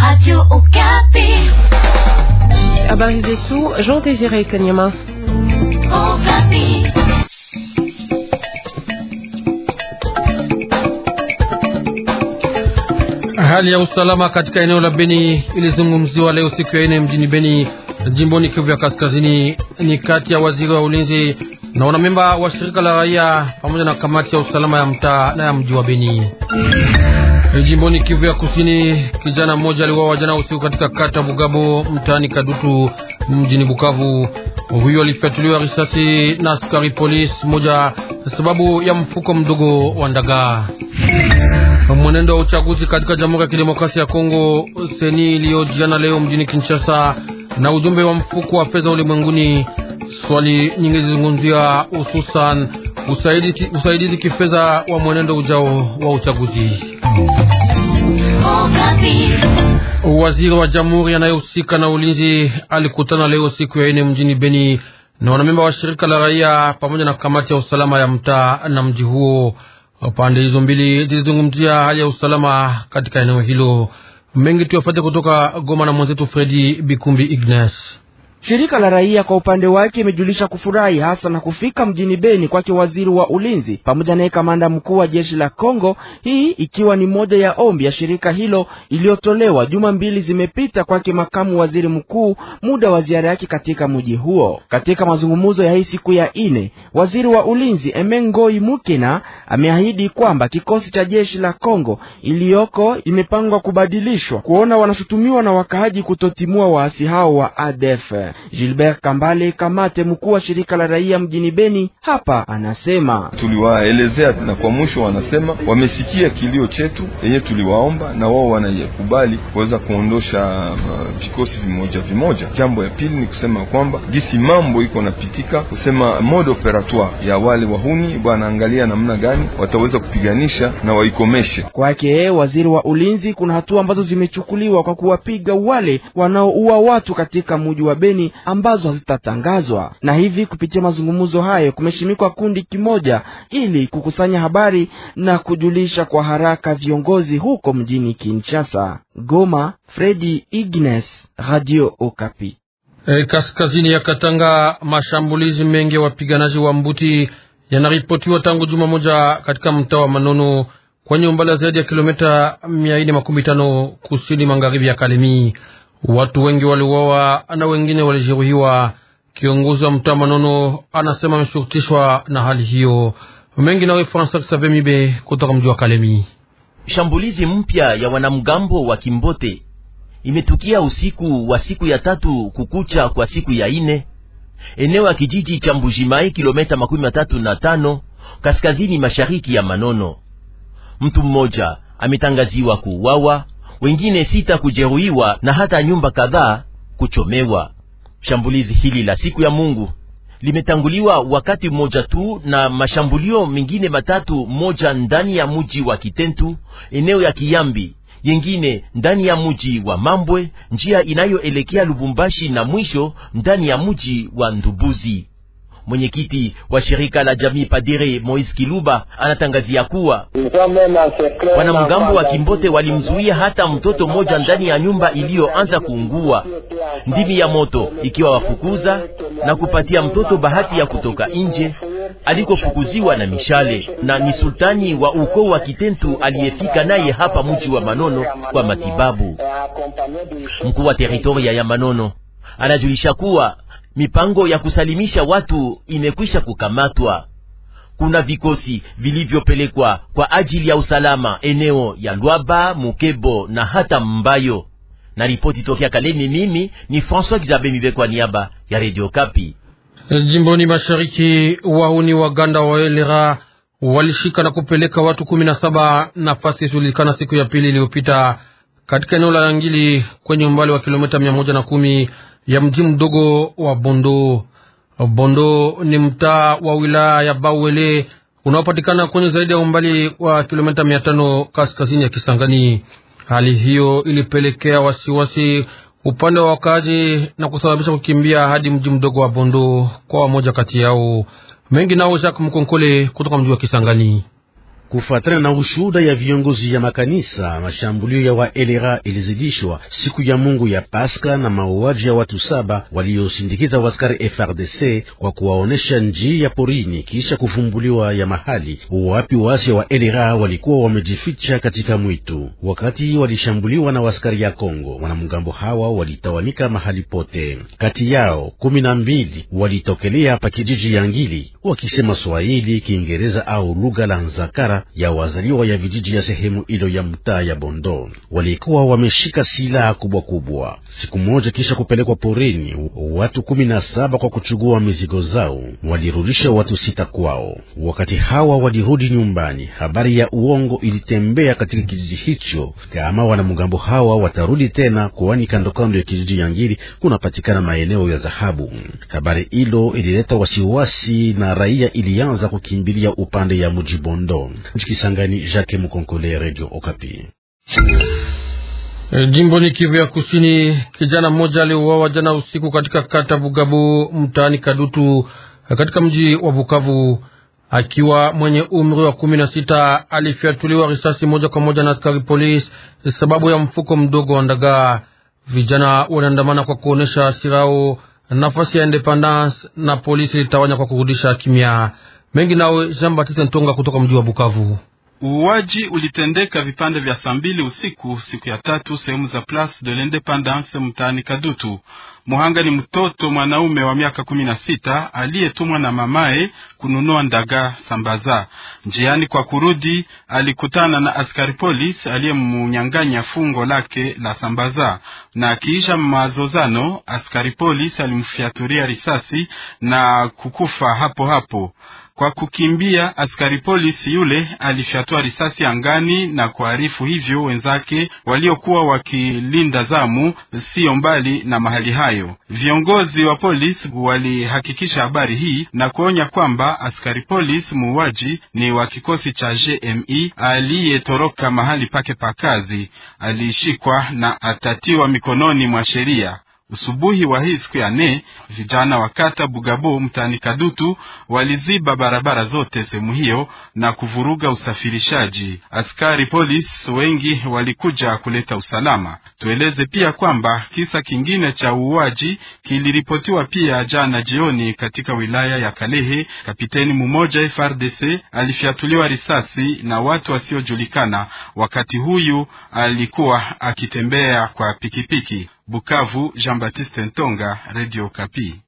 Radio Habari zetu Jean Désiré Kanyama. Hali ya usalama katika eneo la Beni ilizungumziwa leo siku ya ine mjini Beni, jimboni Kivu ya Kaskazini, ni kati ya waziri wa ulinzi na wanamemba wa shirika la raia pamoja na kamati ya usalama ya mtaa na ya mji wa Beni. Jimboni Kivu ya Kusini, kijana mmoja aliuawa jana usiku katika kata Bugabo mtaani Kadutu mjini Bukavu. Huyo alifyatuliwa risasi na askari polisi moja sababu ya mfuko mdogo wa ndagaa. Mwenendo wa uchaguzi katika Jamhuri ya Kidemokrasia ya Kongo, seni iliyojiana leo mjini Kinshasa na ujumbe wa mfuko wa fedha ulimwenguni. Swali nyingi zilizungumzia hususan usaidizi, usaidizi kifedha wa mwenendo ujao wa uchaguzi. Waziri wa jamhuri anayehusika na ulinzi alikutana leo siku ya ine mjini Beni na wanamemba wa shirika la raia pamoja na kamati ya usalama ya mtaa na mji huo. Pande hizo mbili zilizungumzia hali ya usalama katika eneo hilo. Mengi tuyafate kutoka Goma na mwenzetu Fredi Bikumbi Ignace. Shirika la raia kwa upande wake imejulisha kufurahi hasa na kufika mjini Beni kwake waziri wa ulinzi pamoja naye kamanda mkuu wa jeshi la Kongo, hii ikiwa ni moja ya ombi ya shirika hilo iliyotolewa juma mbili zimepita kwake makamu waziri mkuu muda wa ziara yake katika mji huo. Katika mazungumzo ya hii siku ya ine, waziri wa ulinzi Emengoi mukina ameahidi kwamba kikosi cha jeshi la Kongo iliyoko imepangwa kubadilishwa kuona wanashutumiwa na wakaaji kutotimua waasi hao wa ADF. Gilbert Kambale Kamate, mkuu wa shirika la raia mjini Beni, hapa anasema tuliwaelezea, na kwa mwisho wanasema wamesikia kilio chetu yenye tuliwaomba, na wao wanayekubali kuweza kuondosha uh, vikosi uh, vimoja vimoja. Jambo ya pili ni kusema kwamba gisi mambo iko napitika, kusema mode operatoire ya wale wahuni angalia namna gani wataweza kupiganisha na waikomeshe. Kwake waziri wa ulinzi, kuna hatua ambazo zimechukuliwa kwa kuwapiga wale wanaoua watu katika mji wa Beni kampeni ambazo hazitatangazwa, na hivi kupitia mazungumzo hayo kumeshimikwa kundi kimoja ili kukusanya habari na kujulisha kwa haraka viongozi huko mjini Kinshasa. Goma, Fredi Ignes, Radio Okapi. E, kaskazini ya Katanga mashambulizi mengi ya wapiganaji wa Mbuti yanaripotiwa tangu juma moja katika mtaa wa Manono kwenye umbali zaidi ya kilomita mia nne makumi tano kusini magharibi ya Kalemi. Watu wengi waliuawa na wengine walijeruhiwa. Kiongozi wa mtaa Manono anasema ameshurutishwa na hali hiyo. Mengi nawe Francois Xavier Mibe kutoka mji wa Kalemi. Shambulizi mpya ya wanamgambo wa Kimbote imetukia usiku wa siku ya tatu kukucha kwa siku ya ine eneo ya kijiji cha Mbujimai, kilomita makumi matatu na tano kaskazini mashariki ya Manono. Mtu mmoja ametangaziwa kuuawa wengine sita kujeruhiwa na hata nyumba kadhaa kuchomewa. Shambulizi hili la siku ya Mungu limetanguliwa wakati mmoja tu na mashambulio mengine matatu, moja ndani ya muji wa Kitentu, eneo ya Kiyambi, yengine ndani ya muji wa Mambwe, njia inayoelekea Lubumbashi, na mwisho ndani ya muji wa Ndubuzi. Mwenyekiti wa shirika la jamii Padire Moise Kiluba anatangazia kuwa wanamgambo wa Kimbote walimzuia hata mtoto mmoja ndani ya nyumba iliyoanza kuungua. Ndimi ya moto ikiwa wafukuza na kupatia mtoto bahati ya kutoka nje alikofukuziwa na mishale, na ni sultani wa ukoo wa Kitentu aliyefika naye hapa mji wa Manono kwa matibabu. Mkuu wa teritoria ya Manono anajulisha kuwa mipango ya kusalimisha watu imekwisha kukamatwa. Kuna vikosi vilivyopelekwa kwa ajili ya usalama eneo ya Lwaba, Mukebo na hata Mbayo. Na ripoti tokea Kalemi, mimi ni François Gizabe Mibe kwa niaba ya Radio Kapi. Jimboni mashariki, wahuni Waganda wa Elera walishika na kupeleka watu kumi na saba nafasi isiyojulikana siku ya pili iliyopita katika eneo la yangili kwenye umbali wa kilomita mia moja na kumi ya mji mdogo wa Bondo. Bondo ni mtaa wa wilaya ya bawele unaopatikana kwenye zaidi ya umbali wa kilomita mia tano kaskazini ya Kisangani. Hali hiyo ilipelekea wasiwasi upande wa wakaaji na kusababisha kukimbia hadi mji mdogo wa Bondo kwa wamoja kati yao. Mengi nao Jacques Mkonkole kutoka mji wa Kisangani. Kufuatana na ushuhuda ya viongozi ya makanisa, mashambulio ya waelera ilizidishwa siku ya Mungu ya paska na mauaji ya watu saba waliosindikiza waskari FRDC kwa kuwaonesha njia porini, kisha kuvumbuliwa ya mahali wapi waasi wa elera walikuwa wamejificha katika mwitu, wakati walishambuliwa na waskari ya Kongo. Wanamgambo hawa walitawanika mahali pote, kati yao kumi na mbili walitokelea pa kijiji ya Ngili wakisema Swahili, Kiingereza au lugha la Nzakara ya wazaliwa ya vijiji ya sehemu ilo ya mtaa ya Bondo walikuwa wameshika silaha kubwa kubwa. Siku moja kisha kupelekwa porini, watu kumi na saba kwa kuchugua mizigo zao, walirudisha watu sita kwao. Wakati hawa walirudi nyumbani, habari ya uongo ilitembea katika kijiji hicho kama wanamgambo hawa watarudi tena, kwani kandokando ya kijiji ya Ngiri kunapatikana maeneo ya dhahabu. Habari ilo ilileta wasiwasi na raia ilianza kukimbilia upande ya mji Bondo. Mjikisangani, Jacques Mukonkole, Radio Okapi. Eh, ni Kivu ya Kusini, kijana mmoja aliuawa jana usiku katika kata Bugabu mtaani Kadutu katika mji wa Bukavu akiwa mwenye umri wa kumi na sita. Alifyatuliwa risasi moja kwa moja na askari polisi sababu ya mfuko mdogo wa ndagaa. Vijana wanaandamana kwa kuonyesha hasira Nafasi ya Independance na polisi ilitawanya kwa kurudisha kimya mengi nawe Jean Baptiste Ntonga kutoka mji wa Bukavu. Uuaji ulitendeka vipande vya saa mbili usiku siku ya tatu sehemu za Place de l'Independance mtaani Kadutu. Muhanga ni mtoto mwanaume wa miaka kumi na sita aliyetumwa na mamaye kununua ndaga sambaza. Njiani kwa kurudi, alikutana na askari polisi aliyemunyang'anya fungo lake la sambaza, na akiisha mazozano, askari polisi alimfyaturia risasi na kukufa hapo hapo. Kwa kukimbia askari polisi yule alifyatua risasi angani na kuarifu hivyo wenzake waliokuwa wakilinda zamu siyo mbali na mahali hayo. Viongozi wa polisi walihakikisha habari hii na kuonya kwamba askari polisi muuaji ni wa kikosi cha JMI e aliyetoroka mahali pake pa kazi, alishikwa na atatiwa mikononi mwa sheria. Usubuhi wa hii siku ya nne, vijana wa kata Bugabo mtaani Kadutu waliziba barabara zote sehemu hiyo na kuvuruga usafirishaji. Askari polisi wengi walikuja kuleta usalama. Tueleze pia kwamba kisa kingine cha uuaji kiliripotiwa pia jana jioni katika wilaya ya Kalehe. Kapiteni mmoja FRDC alifyatuliwa risasi na watu wasiojulikana, wakati huyu alikuwa akitembea kwa pikipiki. Bukavu, Jean-Baptiste Ntonga, Radio Kapi.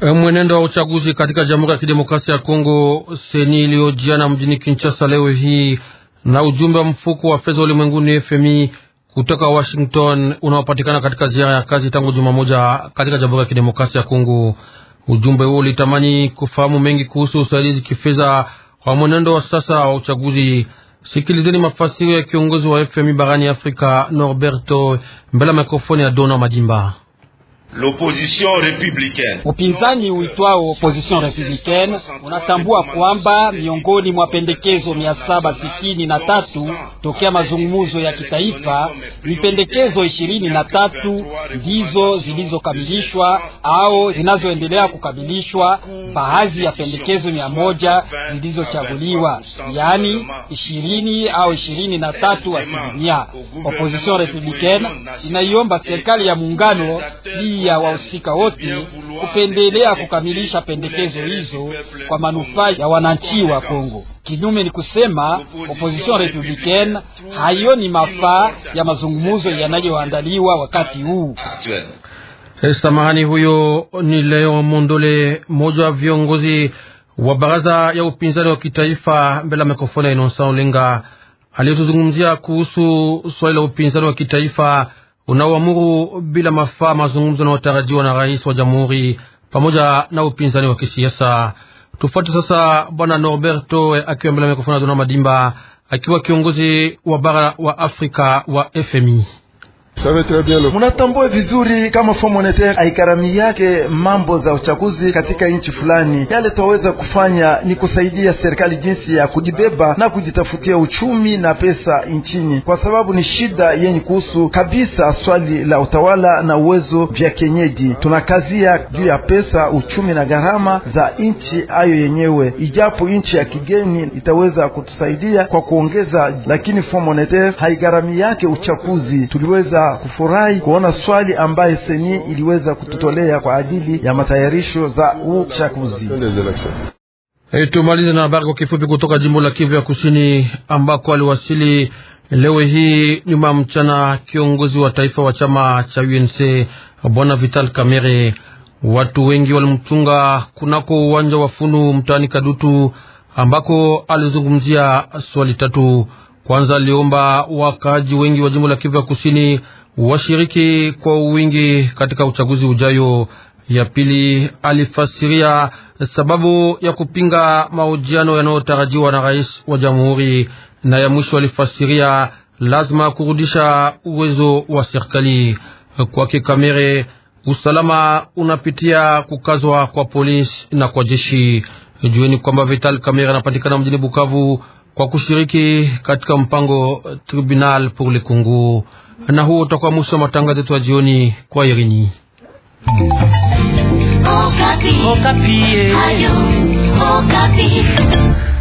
E, mwenendo wa uchaguzi katika Jamhuri ya Kidemokrasia ya Kongo, seni iliyojiana mjini Kinshasa leo hii na ujumbe wa mfuko wa fedha ulimwenguni FMI kutoka Washington unaopatikana katika ziara ya kazi tangu juma moja katika Jamhuri ya Kidemokrasia ya Kongo. Ujumbe huo ulitamani kufahamu mengi kuhusu usaidizi kifedha kwa mwenendo wa sasa wa uchaguzi. Sikilizeni mafasiri ya kiongozi wa FMI barani Afrika Norberto mbele ya mikrofoni ya Dona Madimba. Upinzani uitwao opposition republicaine unatambua kwamba miongoni mwa pendekezo mia saba sitini na tatu tokea mazungumzo ya kitaifa ni pendekezo ishirini na tatu ndizo zilizokamilishwa au zinazoendelea kukamilishwa, baadhi ya pendekezo mia moja zilizochaguliwa, yaani ishirini au ishirini na tatu asilimia. Opposition républicaine inaiomba serikali ya muungano hii pia wahusika wote kupendelea kukamilisha pendekezo hizo kwa manufaa ya wananchi wa Kongo. Kinyume ni kusema opposition republicaine hayo ni mafaa ya mazungumzo yanayoandaliwa wakati huu. Samahani, huyo ni Leo Mondole, mmoja wa viongozi wa baraza ya upinzani wa kitaifa, mbele ya mikrofoni ya Inosa Olinga aliyotuzungumzia kuhusu swali la upinzani wa kitaifa unaoamuru bila mafaa mazungumzo yanayotarajiwa na rais wa jamhuri pamoja na upinzani wa kisiasa. Tufuate sasa Bwana Norberto eh, akiwa mbele ya mikrofoni ya Dona Madimba akiwa kiongozi wa bara wa Afrika wa FMI. Munatambua vizuri kama Fond Monetaire aikarami yake mambo za uchaguzi katika nchi fulani. Yale twaweza kufanya ni kusaidia serikali jinsi ya kujibeba na kujitafutia uchumi na pesa nchini, kwa sababu ni shida yenye kuhusu kabisa swali la utawala na uwezo vya kenyeji Tunakazia juu ya pesa, uchumi na gharama za nchi hayo yenyewe, ijapo nchi ya kigeni itaweza kutusaidia kwa kuongeza, lakini Fond Monetaire haigharami yake uchaguzi. Tuliweza kufurahi kuona swali ambaye seni iliweza kututolea kwa ajili ya matayarisho za uchaguzi. Hey, eh, tumalize na habari kwa kifupi kutoka jimbo la Kivu ya Kusini ambako aliwasili leo hii nyuma mchana kiongozi wa taifa wa chama cha UNC bwana Vital Kamerhe. Watu wengi walimchunga kunako uwanja wa Funu mtaani Kadutu ambako alizungumzia swali tatu kwanza aliomba wakaji wengi wa jimbo la Kivu ya Kusini washiriki kwa uwingi katika uchaguzi ujayo. Ya pili alifasiria sababu ya kupinga mahojiano yanayotarajiwa na rais wa jamhuri, na ya mwisho alifasiria lazima kurudisha uwezo wa serikali kwake. Kamere, usalama unapitia kukazwa kwa polisi na kwa jeshi. Jueni kwamba Vital Kamere anapatikana mjini Bukavu kwa kushiriki katika mpango eh, Tribunal pour le Congo. Na huo utakuwa mwisho wa matangazo yetu ya jioni kwa Irini. Okapi. Oh, Okapi. Oh, eh. Ayu, Okapi. Oh,